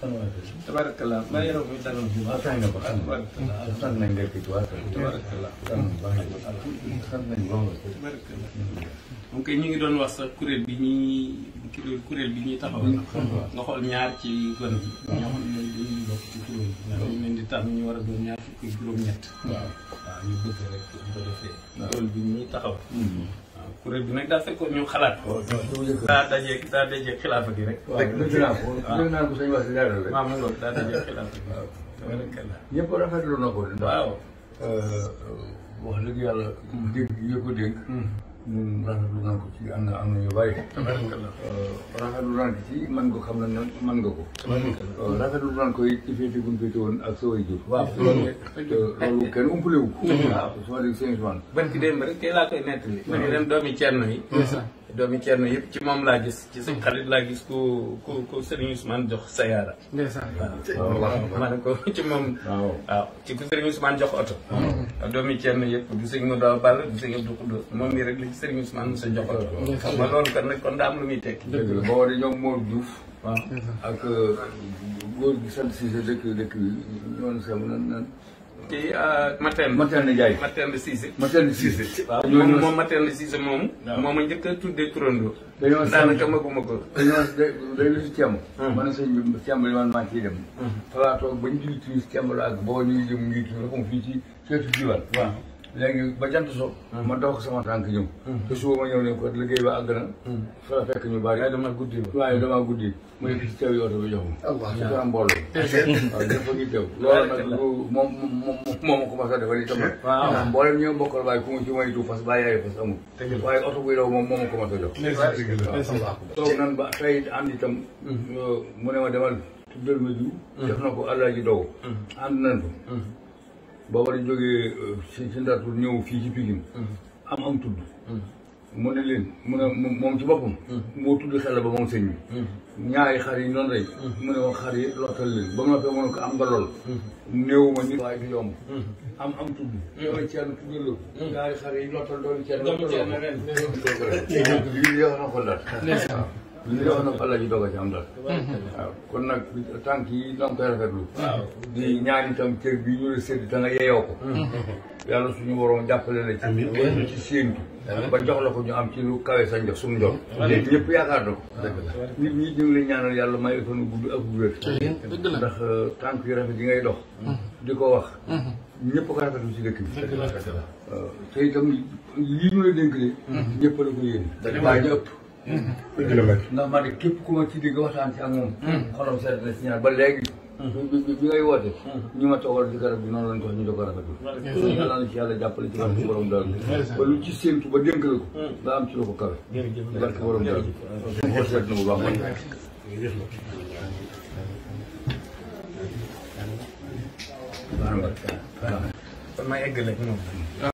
tabarakallah maa yaram muy tànn bu baax tànn nga ko xam nga tànn nañ nekk ci waa moom kay ñu ngi doon wax sax kuréel bi ñuy kuréel bi ñuy taxaw nga xool ñaar ci gone yi bokk ci kuréel bi. ñu war a doon ñaar fukki juróom-ñett. waaw ñu bëgg rek ñu ko defee. taxaw. Mm-hmm. kuréel bi nag daa fekkoon ñu xalaat. waaw oh, daa dajee daa dajee xilaafa gi rek. waaw dëgg naa ko dëgg naa si dara rek. waaw loolu daa dajee xilaafa gi. waaw tabarakallah. ñëpp rafetlu na ko. waaw. Euh, wax dëgg yàlla. dégg yëpp dégg. Mm-hmm. ñun rafetlu nañ ko ci am na am na ñu bëri. rafetlu nañ ko ci man ko xam na man nga ko. rafetlu nañ ko it ci féete gu mu féete woon ak sooy jur. waaw loolu loolu kenn umpale wu ko. waaw su ma dégg seen ban ki démb rek tey laa koy nettali. ma ne ren doomi Cerno yi. doomi Ceerno yëpp ci moom laa gis ci suñ xarit laa gis ku ku ku Serigne Ousmane jox sayaara. ndeysaan waaw ma ne ko ci moom. waaw ci ku Serigne Ousmane jox oto. waaw doomi Ceerno yëpp du sëñ Modou Ball du sëñ Abdou Khoudous mii rek la ci Serigne sa jox oto. xam nga loolu kon nag kon daa am lu muy tekki. dëgg la boo wane ñoom Mor Diouf. waaw ak euh, góor gi sant si sa dëkk dëkk bi ñoom sax nan nan. kii euh, Materne. Materne Ndiaye Materne Cissé. Materne Cissé. waaw moom moom Materne Cissé moomu. waaw moom a njëkk a tuddee turandoo. dañoo sànni daanaka maguma ko. dañoo dañoo si càmm. Hmm. man sëñ bi càmm li man dem. xalaatoo ba ñu julli tuuti càmm la ak boo ñuy jëm ngi tuuti fii ci seetu diwaan. waaw. léegi ba jant so hmm. ma dox sama tànk ñëw hmm. te suba ma ñëw ne ko liggéey ba àgg na hmm. fa la fekk ñu bari waaye dama guddi waaye dama guddi mu nekk ci teew yi oto ñu teew loolu nag lu moom moom ko ma sax dafa ba tey ànd itam mu ne ma demal tuddal ma jiw def na ko àllaaji dow ànd nan ko ba war a jógee euh, si ñëw fii ci Pikine mm-hmm. am am tudd mm-hmm. mu ne leen mu ne moom ci boppam mm-hmm. moo tudd xel ba moom sëñ bi ñaari xar yi ñu doon rey mu ne woon xar yi lottal leen ba mu noppee mu ne ko am nga lool néew ma nit waaye du yomb am am tudd loolu ñaari xar yi lottal doon ceerno ren loolu yow na ko laat ñu doon nopp allah ji doog a ci am dal waaw kon nag tànk yi da nga koy rafetlu. waaw di ñaan itam cër bi ñu la sédd te nga yeyoo ko. Mm. yàlla suñu waroon jàppale la ci. amiin amiin ba jox la ko ñu am ci lu kawe sa njox suñu njox. léegi ñëpp yaakaar na ko. nit ñi ñu ngi lay ñaanal yàlla may fan gudd ak wér. ndax euh, tànk yu rafet yi ngay dox. Mm. di ko wax. Mm. ñëpp ko rafetlu ci dëkk bi. dëgg la te itam lii ñu la dénk de. ñëpp ko yéen. waaye ñu ëpp. un kilomètre. ndax man de képp ku ma ci dégg waxtaan ci ak moom. Hmm. xolam sedd na ci ñaar ba léegi. Hmm. bi bi bi ngay woote. Hmm. ñu ma toogal di garab bi noonu lañ toog ñu doog a rafetlu. yàlla na ci yàlla jàppale ci barke borom daal ba lu ci séentu ba dénk la ko. nga am ci la ko kawe. jërëjëf barke borom daal bi. xool sedd na bu baax man. waaw waaw. kon may eggale ak moom.